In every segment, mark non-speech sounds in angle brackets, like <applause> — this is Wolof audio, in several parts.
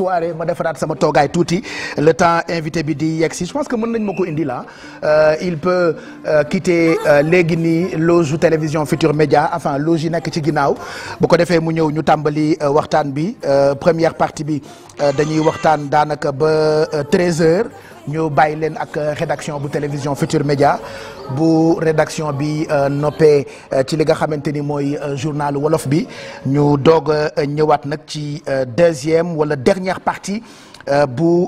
soirée ma defaraat sama toogaay tuuti le temps invité bi di yegg si je pense que mën nañ ma ko indi là euh, il peut euh, quitter euh, léegi nii loge télévision Futur Média enfin loge yi nekk ci ginnaaw bu ko defee mu ñëw ñu tàmbali waxtaan bi première partie bi dañuy waxtaan daanaka ba 13 heures ñu bàyyi leen ak rédaction bu télévision Futur Média bu rédaction bi euh, noppee euh, ci li nga xamante ni mooy euh, journal wolof bi ñu doog a ñëwaat nag ci deuxième wala dernière partie bu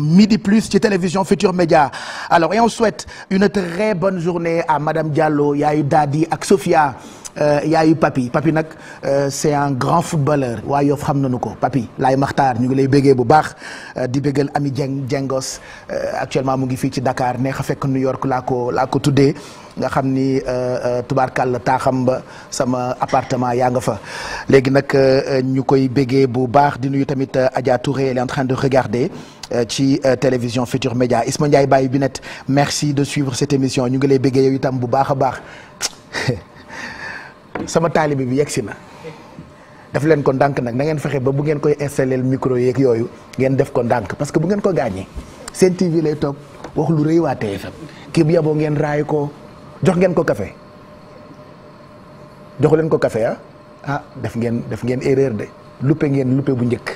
midi plus ci télévision Futur Média alors et on souhaite une très bonne journée à Madame Diallo Yaayu Dadi ak Sophia Euh, yaayu Papy Papy nag euh, c'est un grand footballeur waa Yoff xam nañu ko papi laay maxtaar ñu ngi lay béggee bu baax euh, di béggal Ami Dieng Diengos actuellement mu ngi fii ci Dakar neex a fekk New York laa ko laa ko tuddee nga xam ni tubaarkàll taaxam ba sama appartement yaa nga fa léegi nag ñu koy béggee bu baax di nuyu tamit Adja Touré elle est en train de regarder ci télévision Futur Média Isma Ndiaye Baye Binette merci de suivre cette émission ñu ngi lay béggee yow itam bu baax a baax <laughs> sama taalibe bi yegsi na daf leen ko ndànk nag na ngeen fexe ba bu ngeen koy installé micro yeeg yooyu ngeen def ko ndànk parce que bu ngeen ko gaañee seen TV lay toog wax lu rëy waa TFM kii bu yaboo ngeen raay ko jox ngeen ko kafe joxu leen ko kafe ah ah def ngeen def ngeen erreur de luppe ngeen luppe bu njëkk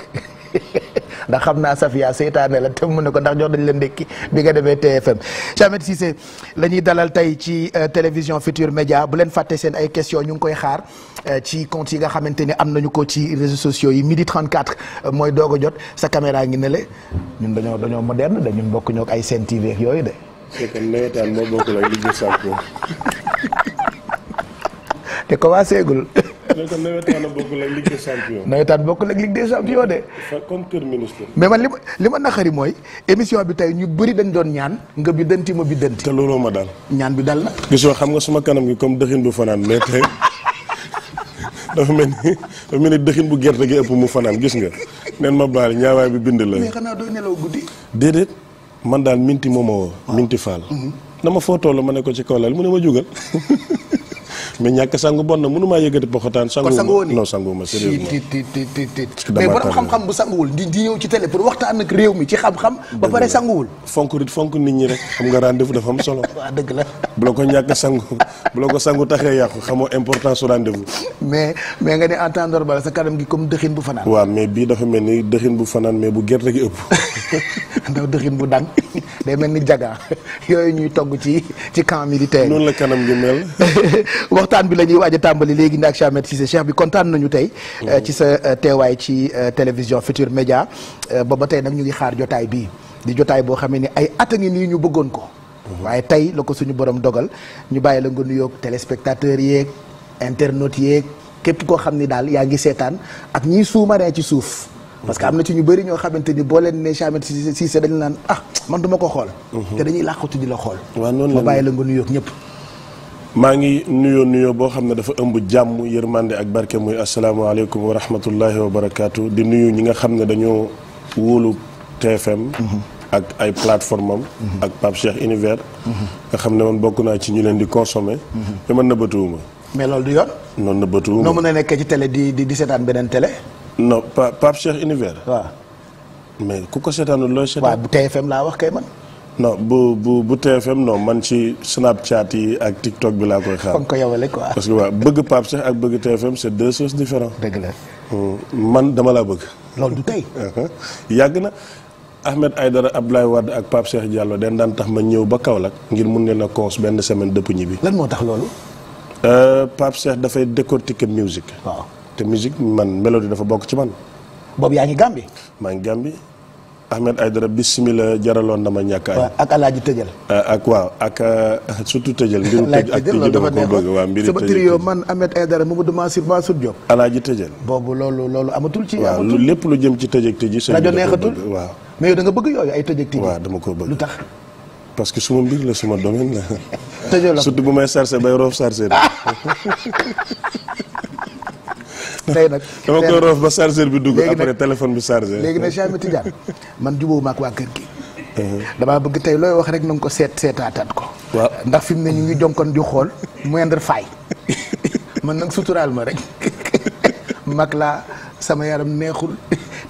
<laughs> ndax xam naa Safia seytaane la te mu ne ko ndax jox dañ la ndékki bi nga demee TFM Chamet Cissé la ñuy dalal tey ci euh, télévision Futur Média bu leen fàtte seen ay question ñu ngi koy xaar euh, ci compte yi nga xamante ni am nañu ko ci réseaux sociaux yi midi 34 euh, mooy doog a jot sa caméra ngi ne le ñun dañoo dañoo moderne de ñun bokk ñook ay Sen TV yooyu de. c'est que nawetaan moo bokkul ak li ñu <laughs> te <laughs> léegi nawetaan a bokk la Ligue des champions. nawetaan bokk la Ligue des champions de. mais man li ma li ma naqari mooy émission bi tey ñu bëri dañ doon ñaan nga bi danti ma bi danti. te looloo ma daal. ñaan bi daal na. gisoo xam nga suma kanam gi comme dëxin bu fanaan mais tey dafa mel ni mel ni dëxin bu gerte gi ëpp mu fanaan gis nga nen ma baal ñaawaay bi bind la. mais xanaa doo nelaw guddi. déedéet man daal minti moo ma woo. minti faal. na mhm. ma foo toll ma ne ko ci kaw lal mu ne ma jugal. <laughs> mais ñàkk sangu bon na mënumaa yëgati poxotaan sangu non sangu ma sérieusement mais borom xam-xam bu sanguwul di di ñëw ci télé pour waxtaan ak réew mi ci xam-xam ba pare sanguwul fonk rit fonk nit ñi rek xam nga rendez-vous dafa am solo <laughs> dëgg la bu la ko ñàkk sangu bu la ko sangu taxee yàqu xamoo importance su rendez-vous. mais mais nga ne en temps sa kanam gi comme dëxin bu fanaan. waaw mais bii dafa mel ni dëxin bu fanaan mais bu gerte gi ëpp. <laughs> ndaw dëxin bu dang day mel ni jaga yooyu ñuy togg ci ci camp militaire. noonu la kanam gi mel. <laughs> waxtaan bi la ñuy waaj a tàmbali léegi ndax Chamet Cissé Cheikh bi kontaan nañu tey. Mm-hmm. Euh, ci sa euh, teewaay ci euh, télévision Futur Média booba tey nag ñu ngi xaar jotaay bii di jotaay boo xam ne ay at a ngi ñu bëggoon ko. waaye tey la ko suñu borom dogal ñu bàyyi la nga nuyoog téléspectateurs yeeg internautes yeeg képp koo xam ni daal yaa ngi seetaan ak ñii sous-marin ci suuf. parce que am na ci ñu bëri ñoo xamante ni boo leen ne si Cissé dañu naan ah man duma ko xool. Mhm. te dañuy làqatu di la xool. waaw noonu la ma bàyyi la nga nuyoog ñëpp. maa ngi nuyoo nuyoo boo xam ne dafa ëmb jàmm yërmande ak barke muy asalaamaaleykum wa rahmatullahi wa barakaatu di nuyu ñi nga xam ne dañoo wóolu TFM. Mhm. ak ay plateforme ak Pape Cheikh Univers nga xam ne man bokk naa ci ñu leen di consommer mais man nëbbatuwuma mais loolu du yoon noonu nëbbatuwuma noo mën a nekkee ci télé di di seetaan beneen télé non Pape Cheikh Univers mais ku ko seetaanul looy seetaan waaw laa wax kay man non bu bu bu TFM non man ci Snapchat yi ak TikTok bi laa koy xaar. kon ko yowale quoi. parce que bëgg Pape Cheikh ak bëgg TFM c'est deux choses différentes. Mm, man dama laa bëgg. loolu du tey. <laughs> yàgg na Ahmed ab laay Wade ak Pape Cheikh Diallo den daan tax ma ñëw ba kaw Kaolack ngir mun leen a cons benn semaine dëpp ñi bi lan moo tax loolu euh, Pape seex dafay décortiquer musique waaw te musique man mélodie dafa bokk ci man boobu yaa ngi Gambie maa ngi Gambie Ahmed Aïdara bismillah jaraloon na ñàkk ay ak alaaji tëjal euh, ak waaw ak euh, <laughs> surtout tëjal mbiru tëj ak tëj dama ko bëgg waaw mbiru sama trio man Ahmed Aïdara Mamadou Mansour Mansour Diop alaaji tëjal boobu loolu loolu amatul ci waaw lépp lu jëm ci tëj ak tëj yi rajo neexatul waaw mais yow da nga bëgg yooyu ay tëj ak tijji. waaw dama ko bëgg lu tax. parce que suma mbir la suma domaine la. <laughs> tëjoo la surtout bu may sarse bay roof sarse <laughs> de. tey nag <laughs> dama ba chargeur bi dugg après téléphone bi chargé. léegi nag Cheikh Ahmed Tidiane man jubóowuma ak waa kër gi. Uh-huh. damaa bëgg tey looy wax rek na nga ko seet seetaataat ko. waaw ndax fi mu ne ñu ngi jonkon ju xool moindre faille man nag suturaal ma rek mag laa sama yaram neexul.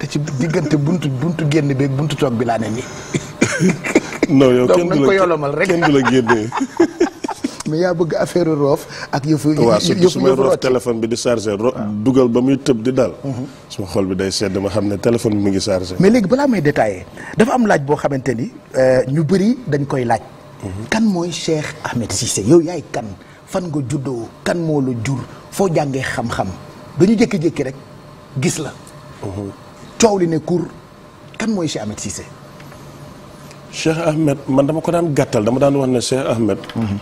nekk ci diggante buntu buntu génn beeg buntu toog bi laa ne nii. non yow kenn du la ko yolomal rek kenn du la génnee. <laughs> mais yaa bëgg affaire roof ak yëfu. yëfu waaw surtout su may roof téléphone bi di chargé. Ah. dugal ba muy tëb di dal. Mhm. suma xol bi day sedd ma xam ne téléphone bi mu ngi chargé. mais léegi balaa may détaillé dafa am laaj boo xamante ni euh, ñu bëri dañ koy laaj. Mhm. kan mooy Cheikh Ahmed Cissé yow yaay kan fan nga juddoo kan moo la jur foo jàngee xam-xam dañu jékki-jékki rek gis la. Mhm. coow li ne kur kan mooy Cheikh Ahmed Cissé. Cheikh Ahmed man dama ko daan gàttal dama daan wax ne Cheikh Ahmed. Mhm.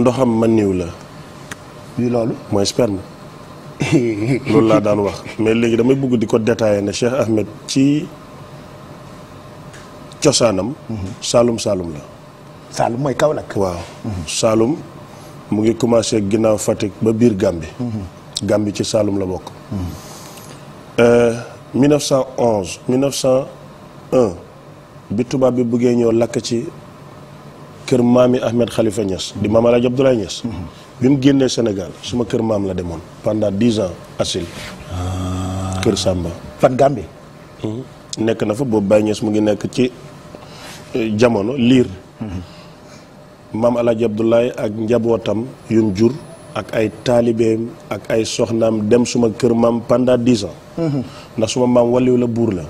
ndoxam ma niiw la. lii loolu mooy sperme. loolu laa daan wax <laughs> mais léegi damay bëgg di ko détailler ne Cheikh Ahmed ci cosaanam. Mhm. Saalum Saalum la. Saalum mooy Kaolack. waaw mhm. Saalum mu ngi commencé ginnaaw Fatick ba biir Gambie. Gambie ci Saalum la bokk. 1911 euh, 1901 bi tubaab bi bëggee ñëw lakk ci kër maami Ahmed Khalifa Niass di maam El Hadj Abdoulaye Niass. Mm-hmm. bi mu génnee Sénégal suma kër maam la demoon pendant dix ans asile. Ah. kër Samba. fan Gambie. Hmm. nekk na fa boobu Baye Niass mu ngi nekk ci eh, jamono liir. Mm-hmm. maam El Hadj ak njabootam yum jur. ak ay taalibeem ak ay soxnaam dem suma kër maam pendant dix ndax suma maam waliw la buur la.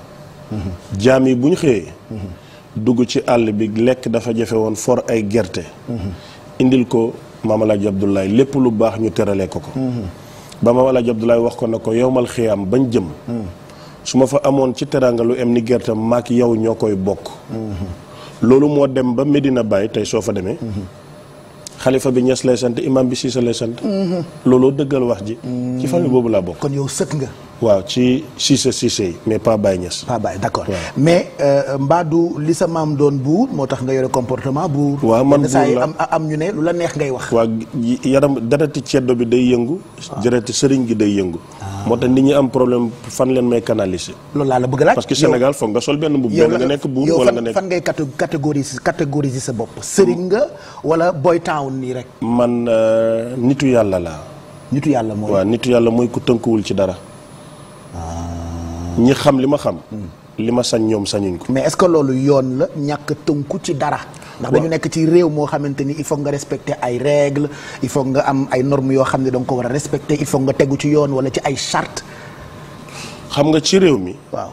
jaam yi bu ñu xëyee. dugg ci àll bi lekk dafa jafe woon for ay gerte. indil ko maam Alaaji lépp lu baax ñu terale ko ko. ba maam Alaaji Abdoulaye wax ko na ko yowmal xiyaam bañ jëm. su ma fa amoon ci teraanga lu em ni gerte maak yow ñoo koy bokk. loolu moo dem ba Medina Baye tey soo fa demee. xalifa bi ñes lay sant imam bi siisa lay sant. Mm-hmm. looloo dëggal wax ji. Mm-hmm. ci famille boobu laa bokk. waaw ci Cissé Cissé mais pas Baye Niass. pas Baye d'accord ouais. mais euh, Mbadou li sa maam doon buur moo tax nga yore comportement buur. waa man buur la am ñu ne lu la neex ngay wax. waaw yaram dereti ceddo bi day yëngu. waaw ah. dereti sëriñ gi day yëngu. Ah. moo tax nit ñi am problème fan leen may canaliser. loolu laa la bëgg laaj parce que Sénégal foog nga sol benn mbubb benn nga nekk buur wala nga nekk fan ngay catégoriser catégoriser sa bopp. sëriñ nga wala boy town nii rek. man euh, nitu yàlla laa. nitu yàlla mooy waaw nitu yàlla mooy ku tënkuwul ci dara. ñi xam li ma xam. li ma sañ ñoom sañuñ ko. mais est-ce que loolu yoon la ñàkk tënku ci dara. ndax dañu nekk ci réew moo xamante ni il faut nga respecter ay règles il faut nga am ay normes yoo xam ne danga ko war a respecter il faut nga tegu ci yoon wala ci ay charte xam nga ci réew mi. waaw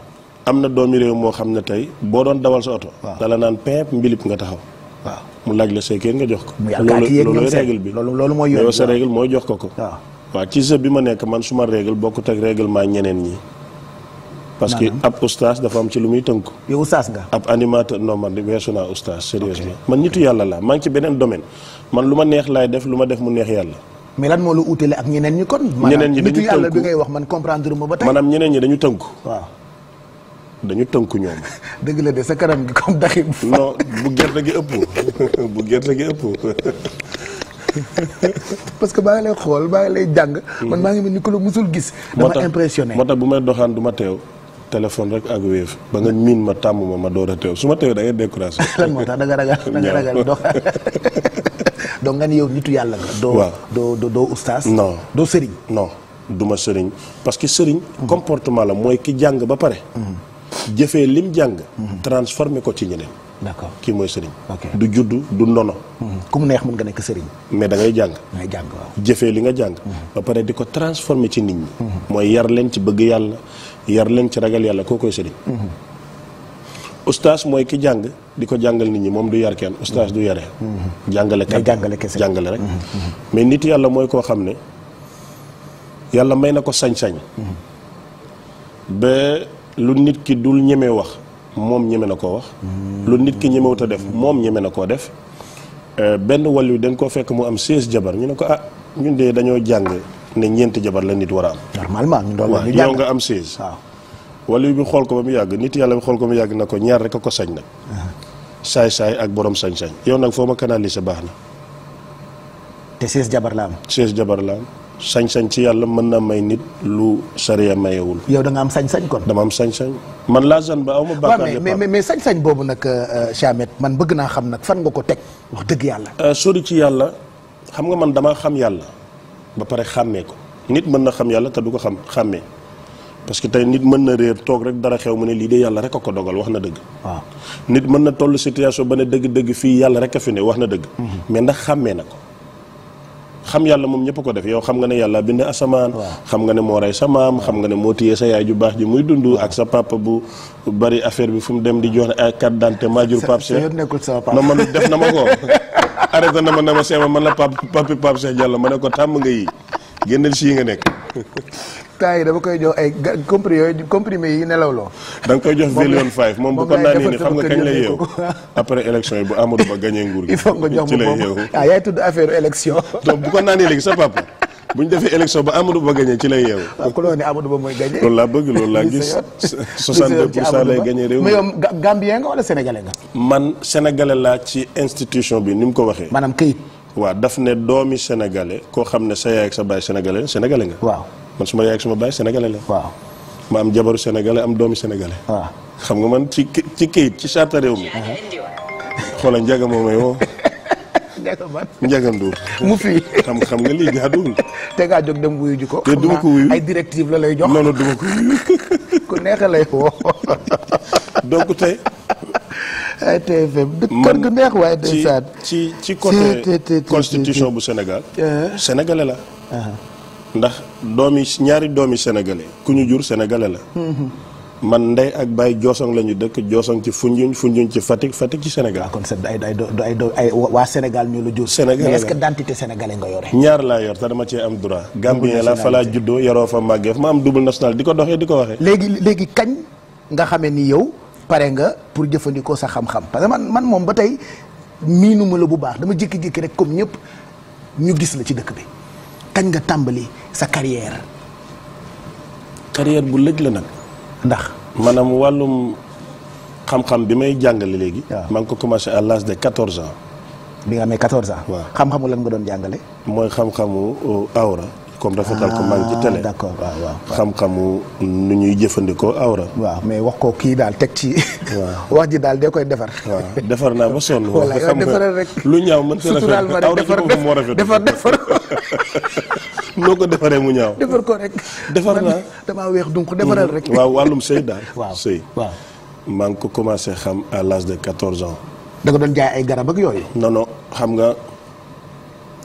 am na doomi réew moo xam ne tey boo doon dawal sa oto. dala naan peep mbilip nga taxaw. waaw mu laaj la say kër nga jox ko. loolu loolu règle bi loolu loolu mooy yoon sa règle mooy jox ko ko. waaw waaw ci sa bi ma nekk man suma règle bokkut ak règlement ñeneen ñi. parce que ab oustaz dafa am ci lu muy tënk yow oustaz nga. ab animateur non man weesu naa oustaz. sérieusement man nitu yàlla laa maa ngi ci beneen domaine man lu ma neex laay def lu ma def mu neex yàlla. mais lan moo la utile ak ñeneen ñi kon. ñeneen ñi dañu tënku ngay wax man comprendre ma ba tey. maanaam ñeneen ñi dañu tënku. dañu tënku ñoom. <laughs> dëgg la de sa kanam gi comme daxi. bu gerte gi ëpp <laughs> bu gerte gi <laughs> parce que maa ngi lay xool maa ngi lay jàng. Mm-hmm. man maa ngi mel ni ku la musul gis. dama impressionné moo tax bu may doxaan du ma teew téléphone rek ak Wave ba nga miin ma tàmm ma ma door a teew su ma teew da ngay découragé. <laughs> lan <laughs> <laughs> yàlla doo doo doo ustaas. non doo sëriñ. non du ma sëriñ parce que sëriñ. Mhm. comportement la mooy ki jàng ba pare. Mhm. jëfee lim jàng. Mhm. transformé ko ci ñeneen. d'accord kii mooy sëriñ. du juddu du ndono. ku mu neex mën nga nekk sëriñ. mais da ngay jàng. da jëfee li nga jàng. ba pare di ko transformé ci nit ñi. mooy yar leen ci bëgg yàlla. yar leen ci ragal yàlla koo koy sëriñ ustaas mooy ki jàng di ko jàngal nit ñi moom du yar kenn ustaas du yare jàngale kat jàngale kese jàngale rek mm-hmm. Mm-hmm. mais nit yàlla mooy koo xam ne yàlla may na ko sañ-sañ mm-hmm. nit ki dul ñeme wax moom ñeme na koo wax lu nit ki ñemewut a def moom ñeme na koo def euh, benn wàll wi dañ koo fekk mu am 16 jabar ñu ne ko ah ñun de dañoo jàng ne ñeenti jabar la nit war a am. normalement ñu doon la nga am 16. waaw yu bi xool ko ba mu yàgg nit yàlla bi xool ko ba mu yàgg na ko ñaar rek a ko sañ nag. saay-saay ak boroom sañ-sañ. yow nag foo ma canaliser baax na. te 16 jabar la am. jabar la sañ-sañ ci yàlla mën na may nit lu sariya mayewul. yow da nga am sañ-sañ kon. dama am sañ-sañ man laa zan ba aw ma. bàkkaar mais mais mais sañ-sañ boobu nag euh, euh, Chamet man bëgg naa xam nag fan nga ko teg wax dëgg yàlla. Euh, sori ci yàlla xam nga man damaa xam yàlla. ba pare xàmmee ko nit mën na xam yàlla te du ko xam xàmmee parce que tey nit mën na réer toog rek dara xew mu ne lii de yàlla rek a ko dogal wax na dëgg. waaw nit mën na toll situation ba ne dëgg-dëgg fii yàlla rek a fi ne wax na dëgg. Mhm. mais ndax xàmmee na ko. xam yàlla moom ñëpp ko def yow xam nga ne yàlla bind asamaan. xam nga ne moo rey sa maam xam nga ne moo téye sa yaay ju baax ji muy dund ak sa papa bu bari affaire bi fu mu dem di jox ay carte d'identité maa jur. sa nekkul sa papa non man def na ma ko. <laughs> arrêté na ma ne ma seema man la pap papi Pape Cheikh Diallo ma ne ko tàmm nga yi génnal si yi nga nekk. temps yi dama koy jox ay ga comprimé yooyu comprimé yi nelaw loo. da koy jox Vélion 5 moom bu ko naanee ni xam nga kañ lay yeewu. <laughs> après élection yi bu Amadou Ba gagné nguur gi. il faut nga jox ma moom ah yaay tudd affaire élection. bu ko naanee léegi sa papa. bu ñu defee élection ba Amadou Ba gagné ci lay yeewu. waaw ah, ku loo ne loolu laa bëgg loolu laa gis. 62 <laughs> pour cent lay gagné réew mi mais yow Gambien nga wala Sénégalais nga. man Sénégalais laa ci institution bi ni mu ko waxee. maanaam këyit. waa daf ne doomi Sénégalais koo xam ne sa yaay ak sa baay Sénégalais Sénégalais nga. waaw man suma yaay ak suma baay Sénégalais la. waaw ma am jabaru Sénégalais am doomi Sénégalais. xam nga man ci ci këyit ci charte réew mi. Uh-huh. xoolal njaga moom may <laughs> Ndiaga man Ndiaga Ndour mu fii xam xam nga lii jaaduwul <laughs> te ngaa jóg dem wuyu ji te duma ko wuyu ay directive la lay jox non duma ko wuyu <laughs> ku neexa lay woo <laughs> donc tey ay TFM kër gu waaye ndeysaan ci ci côté constitution bu Sénégal eh? sénégalais la uh-huh. ndax doomi ñaari doomi sénégalais ku ñu jur sénégalais la mm-hmm. man ndey ak baay Diosone la ñu dëkk Diosone ci Foundiougne Foundiougne ci Fatick Fatick ci Sénégal. kon sa ay ay ay ay waa Sénégal ñoo la jur. Sénégal ce que d'identité sénégalais nga yore. ñaar laa yor te dama cee am droit. Gambien la fa laa juddoo yaroo fa màggee ma am double national di ko doxee di ko waxee. léegi léegi kañ nga xamee ni yow pare nga pour jëfandikoo sa xam-xam parce que man man moom ba tey miinu ma la bu baax dama jékki-jékki rek comme ñëpp ñu gis la ci dëkk bi kañ nga tàmbali sa carrière. carrière bu lëj la nag ndax maanaam wàllum xam-xam bi may jàngale léegi. waaw maa ko commencé à l'âge de 14 ans. bi nga amee 14 ans. waaw xam-xamu la nga doon jàngale. mooy xam-xamu euh, awra. comme rafetal ko maa ngi ci télé. Ah, waaw waaw xam-xamu nu ñuy jëfandikoo awra. waaw mais wax koo kii daal teg ci. waaw wax ji daal de koy defar. waaw defar naa ba sonn. <laughs> wala yow defaral rek lu ñaaw mën na rafet awra ci defar defar. <laughs> <laughs> noo ko defaree mu ñaaw. defar ko rek. defar naa damaa weex donc defaral rek. waaw wàllum sëy daal. <laughs> waaw sëy maa ngi ko commencé xam à l'âge de 14 ans. da nga doon jaay ay garab ak yooyu. non non xam nga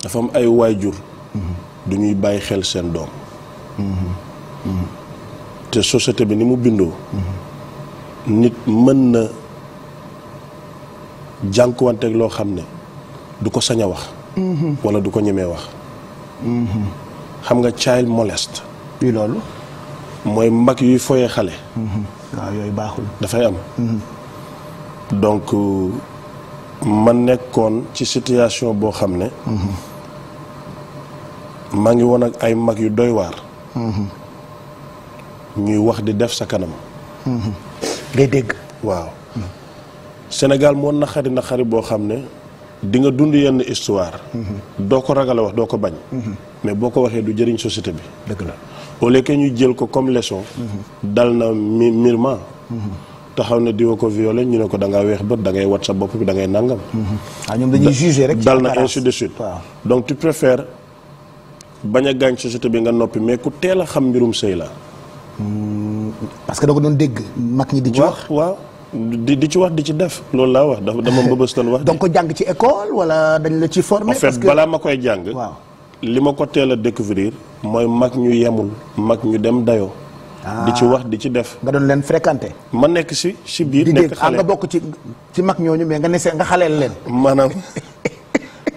dafa am ay waajur. Mm-hmm. du ñuy bàyyi xel seen doom. Mm-hmm. Mm-hmm. te société bi ni mu bindoo. nit mën na jànkuwanteeg loo xam ne du ko sañ a wax. wala du ko ñemee wax. xam nga child molest. luy loolu. mooy mag yuy foyee xale. Mm-hmm. Ah, baaxul. dafay am. Mm-hmm. donc ma nekkoon ci situation boo xam ne. Mm-hmm. maa ngi woon ak ay mag yu doy waar. ñuy wax di def sa kanam. ngay dégg. waaw. Sénégal moo naxari naxari boo xam ne. di nga dund yenn histoire. doo ko ragal a wax doo ko bañ. mais boo ko waxee du jëriñ société bi. dëgg la au lieu que ñu jël ko comme leçon. dal na mi mirement. taxaw ne diwa ko violé ñu ne ko da ngaa weex bët da ngay wat sa bopp bi dangay ngay nangam. ah ñoom dañuy jugé rek. dal na ainsi de suite donc tu préfères bañ a gaañ société bi nga noppi mais ku teel a xam mbirum sëy la. Hmm, parce que da ko doon dégg mag ñi di ci wax waaw. di di ci wax di ci def loolu laa wax dafa dama mbëbës doon wax. donc ko jàng ci école wala dañ la ci former. parce que balaa ma koy jàng. waaw li ma ko teel a découvrir mooy mag ñu yemul mag ñu dem dayoo. Ah. di ci wax di ci def. nga doon leen fréquenter. ma nekk si si biir. nekk ah, xale nga bokk ci ci mag ñooñu mais nga ne nga xaleel leen. maanaam. <laughs>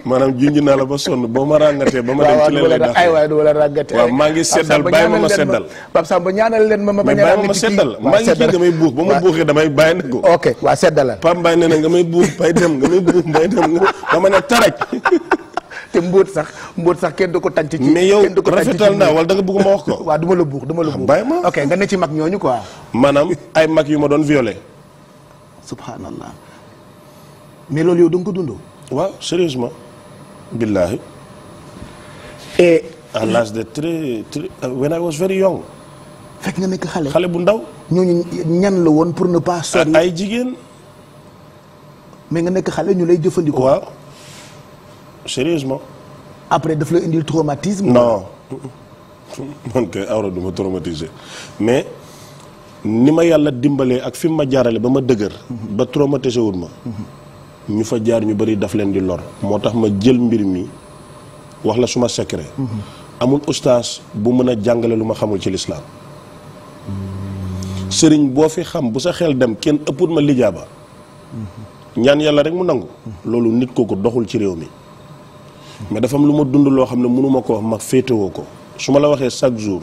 maanaam junj naa la ba sonn boo ma ràngatee ba ma dem ci leen lay dàq ay leen ma ma bañ a bàyyi ma ma seddal maa ngi kii damay buux ba ma buuxee nga may buux bay dem nga may buux bay dem <laughs> ba ma ne taraj te mbóot sax mbóot sax kenn du ko tànc ci mais yow rafetal naa wala da nga bëgg ma wax ko <laughs> waaw du ma la buux du ma la ah, buux bàyyi ma ok nga ne ci mag maanaam ay mag yu ma doon violé subhanallah mais loolu yow da nga ko dund waaw sérieusement billahi et à l'âge de très très when I was very young. fekk nga nekk xale xale bu ndaw. ñooñu ñan la woon pour ne pas. sori ay jigéen. mais nga nekk xale ñu lay jëfandikoo. waaw sérieusement. après daf la indil traumatisme. non man kay awra du ma traumatisé mais ni ma yàlla dimbalee ak fi mu ma jaarale ba ma dëgër. ba traumatisé wul ma. Mm-hmm. ñu fa jaar ñu bari daf leen di lor moo tax ma jël mbir mi wax la suma secret amul ustaas bu mën a jàngale lu ma xamul ci lislaam sëriñ boo fi xam bu sa xel dem kenn ëpput ma lijaa ba ñaan yàlla rek mu nangu loolu nit kooku doxul ci réew mi ma defam lu ma dund loo xam ne mënuma ko wax ma féetewoo ko su ma la waxee chaque jour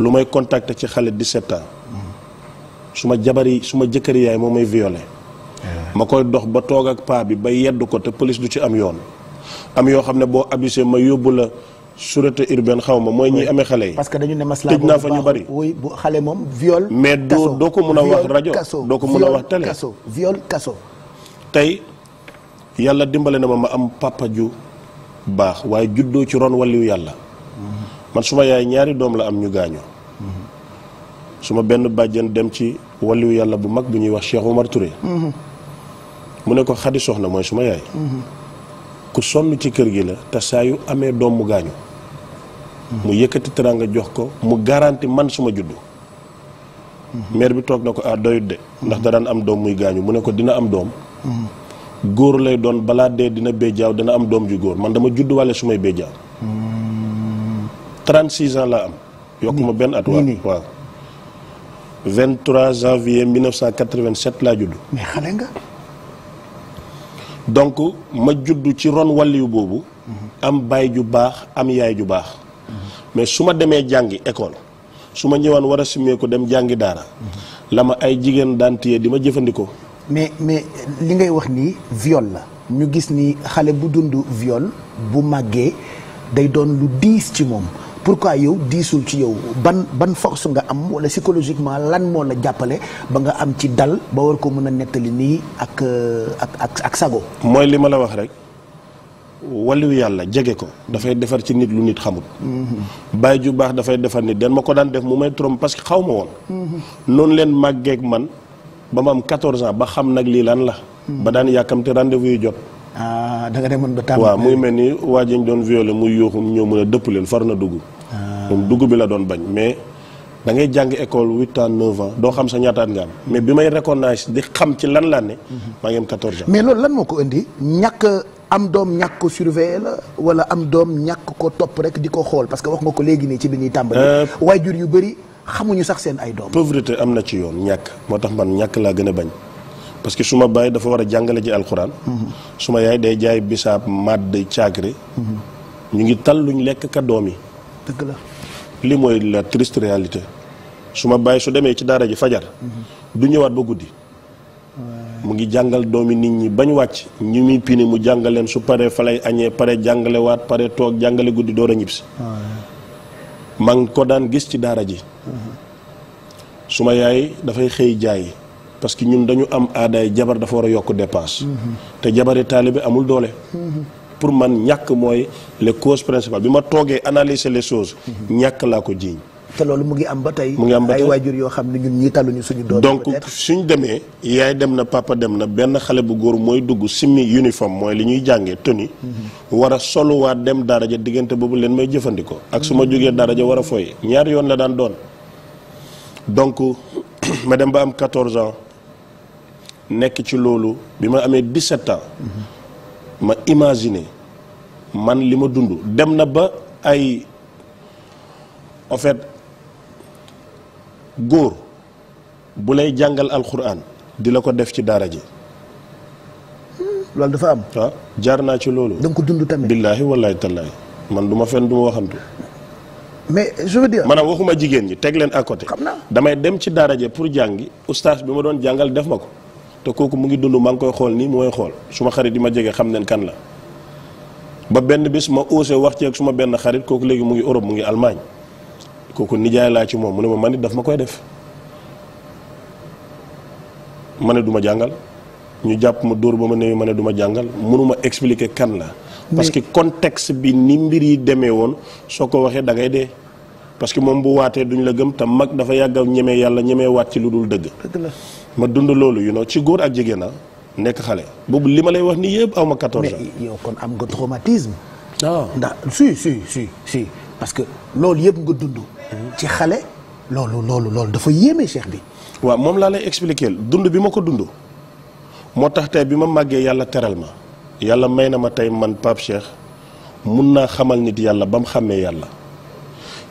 lu may contacté ci xale di ans su ma jabari su ma jëkkër yaay moo may violé ma koy dox ba toog ak paa bi ba yedd ko te police du ci am yoon am yoo xam ne boo abusé ma yóbbu la sûreté urbaine xaw ma mooy ñi amee xale yi. parce que dañu ne maslaa tëj naa fa ñu bari. oui bu xale moom viol. mais doo doo ko mën a wax rajo doo ko mën a wax télé kaso viol tey yàlla dimbale na ma ma am papa ju baax waaye juddoo ci ron wàllu yàlla. Mm-hmm. man suma yaay ñaari doom la am ñu gaañoo. Mm-hmm. suma benn bàjjen dem ci wàllu yàlla bu mag bu ñuy wax Cheikh Omar mu ne ko xadi soxna mooy suma yaay ku sonn ci kër gi la te saa yu amee doom mu gaañu mu yëkkati teranga jox ko mu garanti man suma juddu maire bi toog na ko ah doyut ndax da daan am doom muy gaañu mu ne ko dina am doom góor lay doon balaa dee dina béjjaaw dana am doom ju góor man dama judduwaale su may béjjaaw 36 ans laa am yokk ma benn at waaw 23 janvier 1987 laa judd donc ma judd ci ron wàlliyu boobu am baay ju baax am yaay ju baax mais su ma demee jàngi école su ma ñëwaan wara a dem jàngi daara la ma ay jigéen daan téye di ma jëfandikoo mais mais li ngay wax nii viol la ñu gis ni xale bu dund viol bu màggee day doon lu diis ci moom pourquoi yow diisul ci yow ban ban force nga am wala psychologiquement lan moo la jàppale ba nga am ci dal ba war ko mën a nettali nii ak euh, ak ak ak sago. mooy li ma la wax rek waliwu yàlla jege ko dafay defar ci nit lu nit xamul. Mm-hmm. bàyyi ju baax dafay defar nit den ma ko daan def mu may trompe parce que xaw ma woon. Mm-hmm. noonu leen màggeek man ba ma am 14 ans ba xam nag lii lan la. Mm-hmm. ba daan yàkkamte rendez-vous jot. ah da nga demoon ba. tàmm muy mel ni waa ji doon violé muy yuuxum ñoo mën a dëpp leen far na dugg. moom dugub bi la doon bañ mais da ngay jàng école huit ans neuf ans doo xam sa ñaata at nga am mais bi may reconnaître di xam ci lan laa ne. maa ngi am quatorze ans. mais loolu lan moo ko indi ñàkk am doom ñàkk ko la wala am doom ñàkk ko topp rek di ko xool parce que wax nga ko léegi nii ci bi ñuy tàmbali. Euh, waajur yu bëri xamuñu sax seen ay doom. pauvreté am na ci yoon ñàkk moo tax man ñàkk laa gën a bañ. parce que su ma bàyyi dafa war a jàngale ci alxuraan. Mhm. su ma yaay day jaay bisaab màdd caakri. Mhm. ñu ngi tal luñ lekk ka doom yi. dëgg la. li mooy la triste réalité su ma bàyyi su demee ci daara ji fajar du ñëwaat ba guddi mu ngi jàngal doomi nit ñi bañ wàcc ñi muy pini mu jàngaleen su paree fa lay añee pare jàngalewaat waat pare toog jàngale guddi door a ñibbisi maa ngi ko daan gis ci daara ji su ma yaay dafay xëy jaay parce que ñun dañu am aadaay jabar dafa war a yokk dépense te jabari taalibe amul doole pour man ñàkk mooy les causes principales bi ma toogee analyser les choses. ñàkk laa ko jiiñ. te loolu mu am ba tey. mu ngi am ba tey ay yoo xam ne ñun ñii taluñu suñu doom. donc suñ demee. yaay dem na papa dem na benn xale bu góor mooy dugg simmi uniforme mooy li ñuy jàngee tenue. war a soluwaat dem daara ja diggante boobu leen may jëfandikoo. ak su ma jógee daara ja war a fooy ñaar yoon la daan doon. donc <clears throat> ma dem ba am 14 ans nekk ci loolu bi ma amee 17 ans. ma imagine man li ma dund dem na ba ay en fait góor bu lay jàngal alxuraan di la ko def ci daara ji. loolu dafa am. waaw ah, jaar naa ci loolu. da ko dund tamit. billaahi wallaahi tallaahi man du ma fen du ma waxantu. mais je veux maanaam waxuma jigéen ñi teg leen à xam naa damay dem ci daara ji pour jàngi ustaas bi ma doon jàngal def ma ko. te kooku mu ngi dund maa ngi koy xool nii mu may xool suma xarit yi ma jege xam neen kan la ba benn bis ma osé wax ci ak ma benn xarit kooku léegi mu ngi Europe mu ngi Allemagne kooku nijaay laa ci moom mu ne ma man it daf ma koy def ma ne duma jàngal ñu jàpp ma dóor ba ma ne du ma jàngal mënuma expliquer kan la parce que contexte bi ni mbir yi demee woon soo ko waxee da ngay dee parce que moom bu waatee duñu la gëm te mag dafa yàgg ñeme ñemee yàlla ñemee waat ci lu dul dëgg ma dund loolu yu know ci góor ak jege na nekk xale boobu li ma lay wax nii yëpp aw ma 14 ans. mais yow kon am nga traumatisme. ah ndax si si si parce que loolu yëpp nga dund. ci xale loolu loolu loolu dafa yéeme cheikh bi. waaw moom laa lay expliquer dund bi ma ko dund moo tax tey bi ma màggee yàlla teral ma yàlla may na ma tey man Pape Cheikh mun naa xamal nit yàlla ba mu xàmmee yàlla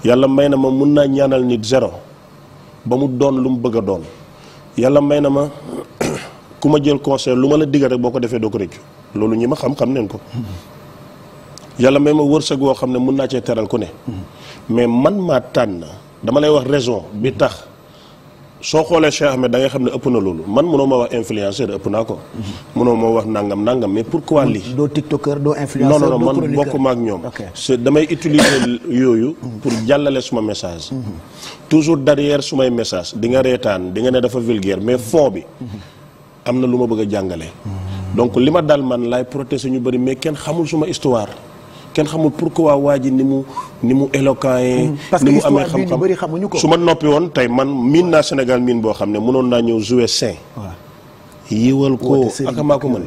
yàlla may na ma mun naa ñaanal nit zéro ba mu doon lu mu bëgg a doon. yàlla may na ma <clears throat> ku ma jël conseil lu ma la digal rek boo ko defee doo ko rëccu loolu ñi ma xam-xam neen ko <laughs> yàlla may ma wërsëg woo xam ne mun naa cee teral ku ne hmm. mais man maa tànn dama lay wax raison bi tax soo xoolee Cheikh Ahmed da ngay xam ne ëpp na loolu man mënoo ma wax influenceur ëpp naa ko. mënoo ma wax nangam nangam mais pourquoi lii. doo tiktoker doo influenceur non non man bokkuma ak ñoom. c'est damay utiliser yooyu. pour jàllale suma message. toujours derrière sumay message di nga reetaan di nga ne dafa vulgaire mais fond bi. am na lu ma bëgg a jàngale. donc li ma daal man laay protéger ñu bëri mais kenn xamul suma histoire. kenn xamul pourquoi waa ji ni mu ni mu éloquent mm-hmm. ni mu amee xam-xam su ma noppi woon tey man miin naa Sénégal miin boo xam ne mënoon naa ñëw jouer saint yiwal ko ak maa ko mën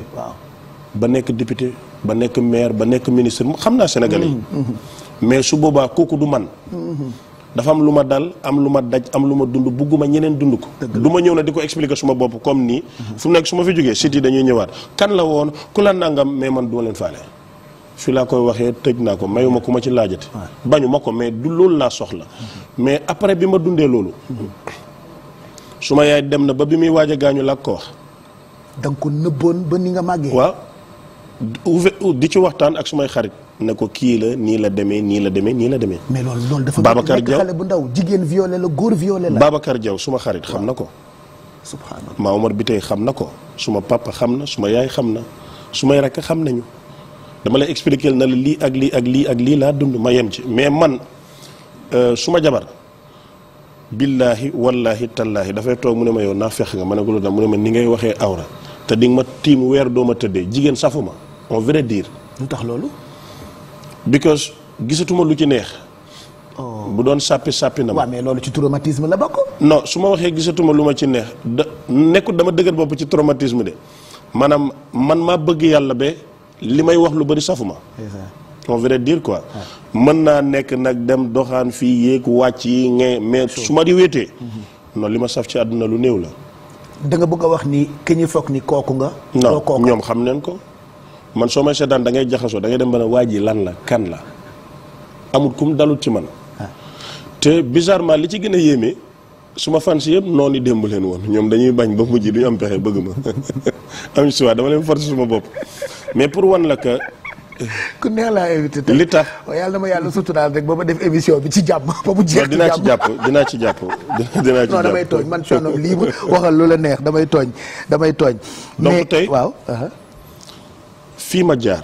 ba nekk député ba nekk maire ba nekk ministre xam naa Sénégal yi mm-hmm. Mm-hmm. mais su boobaa kooku du man dafa am lu ma dal am lu ma daj am lu ma dund bugguma ñeneen dund ko du ma ñëw na di ko expliquer suma bopp comme nii fu mu nekk su ma fi jógee sit yi dañuy ñëwaat kan la woon ku la nangam mais man duma leen fi laa koy waxee tëj naa ko mayuma ku ma ci laajate bañu ma ko mais du loolu laa soxla mais après bi ma dundee loolu su ma yaay dem na ba bi muy waaj a gaañu laa ko wax danga ko nëbboon ba ni nga màggee waaw di ci waxtaan ak sumay xarit ne ko kii la nii la demee nii la demee nii la demee. mais loolu loolu dafa Babacar Diaw xale bu ndaw jigéen violé la góor Babacar Diaw suma xarit xam na ko. subhanallah maa bi tey xam na ko suma papa xam na suma yaay xam na sumay rakk xam nañu. dama lay expliquer na la lii ak lii ak lii ak lii laa dund ma yem ci mais man euh, suma jabar billaahi wallaahi tallaahi dafay toog mu ne ma yow naa fex nga ma ne ko lu mu ne ma ni ngay waxee awra te dinga nga ma tiim weer doo ma tëddee jigéen safuma ma vrai dire lu tax loolu because gisatuma lu ci neex oh. bu doon sàppi sàppi na ma. waaw mais loolu ci traumatisme la bokk. non su ma waxee gisatuma lu ma ci neex da nekkul dama dëgër bopp ci traumatisme de maanaam man maa bëgg yàlla be li may wax lu bëri safuma on vrai diir quoi mën naa nekk nag dem doxaan fii yéeg wàcc yi nga mais su ma di wéetee noonu li ma saf ci àdduna lu néew la danga nga bëgg a wax ni ki ñu foog ni kooku nga non ñoom xam neen ko man soo may seetaan da ngay jaxasoo da dem ba ne waa ji lan la kan la amul kum dalul ci man ah. te bizarrement li ci gën a yéeme su ma fan yëpp noonu démb leen woon ñoom dañuy bañ ba mujj duñu am pexe bëgg ma <laughs> am histoire dama leen forcer mais pour wan la que. ku neex laa invité tey li tax oh, yàlla na ma yàlla suturaal rek ba ma def émission bi ci jàmm ba mu jeex. dinaa ci jàpp dinaa ci jàpp <laughs> dinaa ci jàpp. non damay tooñ man coono lii la neex damay tooñ damay tooñ. donc tey waaw. Uh-huh. fii ma jaar.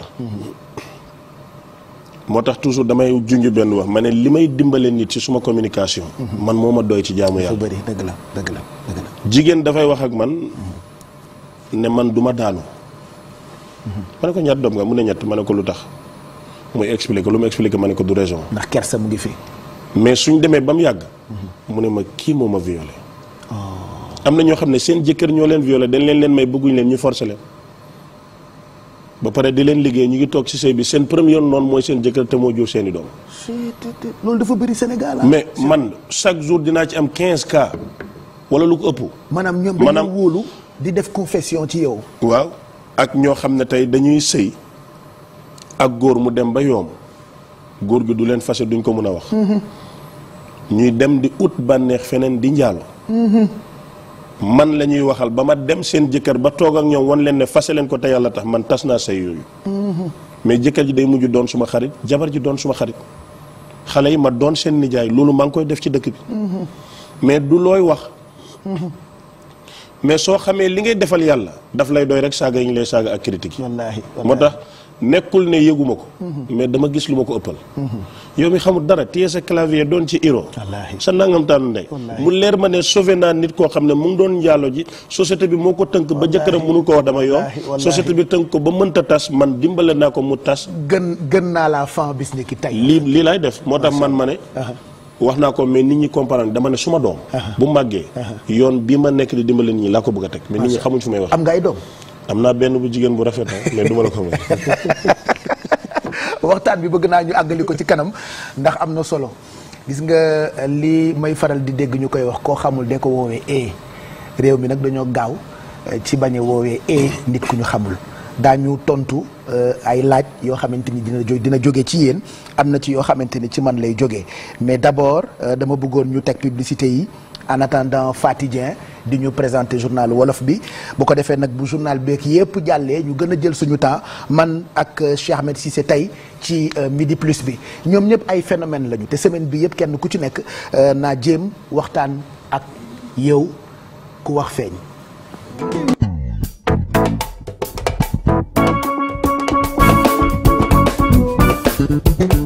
moo tax toujours damay junj benn wax ma ne li may dimbale nit ci suma communication. Mm-hmm. man moo ma doy ci jaamu yàlla. bëri dëgg la dëgg la jigéen dafay wax ak man ne man duma daanu. ma ko ñaata doom nga mu ne ñett ma ne ko lu tax muy expliqué lu mu expliqué ma ne ko du raison. ndax kersa mu ngi fi. mais suñ demee ba mu yàgg. mu ne ma kii moom ma violé. Oh. am na ñoo xam ne seen jëkkër ñoo leen violé dañ leen leen may bëgguñ leen ñu forcé leen. ba pare di leen liggéey ñu ngi toog ci sëy bi seen première noonu mooy seen jëkkër te moo jur seeni doom. loolu dafa bëri Sénégal ah. mais man chaque jour dinaa ci am 15 cas. wala lu ëpp. maanaam ñoom dañoo wóolu di def confession ci yow. ak ñoo xam ne tey dañuy sëy ak góor mu dem ba yoom góor gi du leen fase duñ ko mën a wax ñuy dem di ut bànneex feneen di njaalo man lañuy waxal ba ma dem seen jëkkër ba toog ak ñoom wan leen ne fase leen ko te yàlla tax man tas naa sëy yooyu mais jëkkër ji day mujj doon suma xarit jabar ji doon suma xarit xale yi ma doon seen nijaay loolu maa ngi koy def ci dëkk bi mais du looy wax mais soo xamee li ngay defal yàlla daf lay doy rek saaga ñu lay saaga ak critique yi moo tax nekkul ne yëguma ko mhm. mais dama gis lu ma ko ëppal mhm. yow mi xamul dara téye sa clavier doon ci iro sa nangamtaanu ndey mu leer ma ne sauvé naa nit koo xam ne mu ngi doon njaalo ji société bi moo ko tënk ba jëkkëram mënu ko wax dama yoom société bi tënk ko ba mënta tas man dimbale naa ko mu tas gën gën naa laa fan bis ni ki tey lii lii lay def moo tax man ma ne wax naa ko mais nit ñi comprendre dama ne suma doom bu màggee yoon bi ma nekk di dimbali nit ñi laa ko bëgg a teg mais nit ñi xamuñ fu may wax am nga ay doom am naa benn bu jigéen bu rafet ah, mais du ma la ko <laughs> waxtaan bi bëgg naa ñu àggali ko ci kanam ndax am na solo gis nga eh, li may faral di dégg ñu koy wax koo xamul de ko woowee e réew mi nag dañoo gaaw eh, ci bañ a woowee e nit ñu xamul daañu tontu Euh, ay laaj yoo xamante ni dina jo dina jóge ci yéen am na ci yoo xamante ni ci man lay jógee mais d'abord euh, dama bëggoon ñu teg publicité yi en attendant Faty Dieng di ñu présenter journal wolof bi bu ko defee nag bu journal beek yépp jàllee ñu gën a jël suñu temps man ak euh, Cheikh ci Cissé tey ci midi plus bi ñoom ñëpp ay phénomène lañu te semaine bi yépp kenn ku ci nekk naa jéem waxtaan ak yow ku wax feeñ. thank you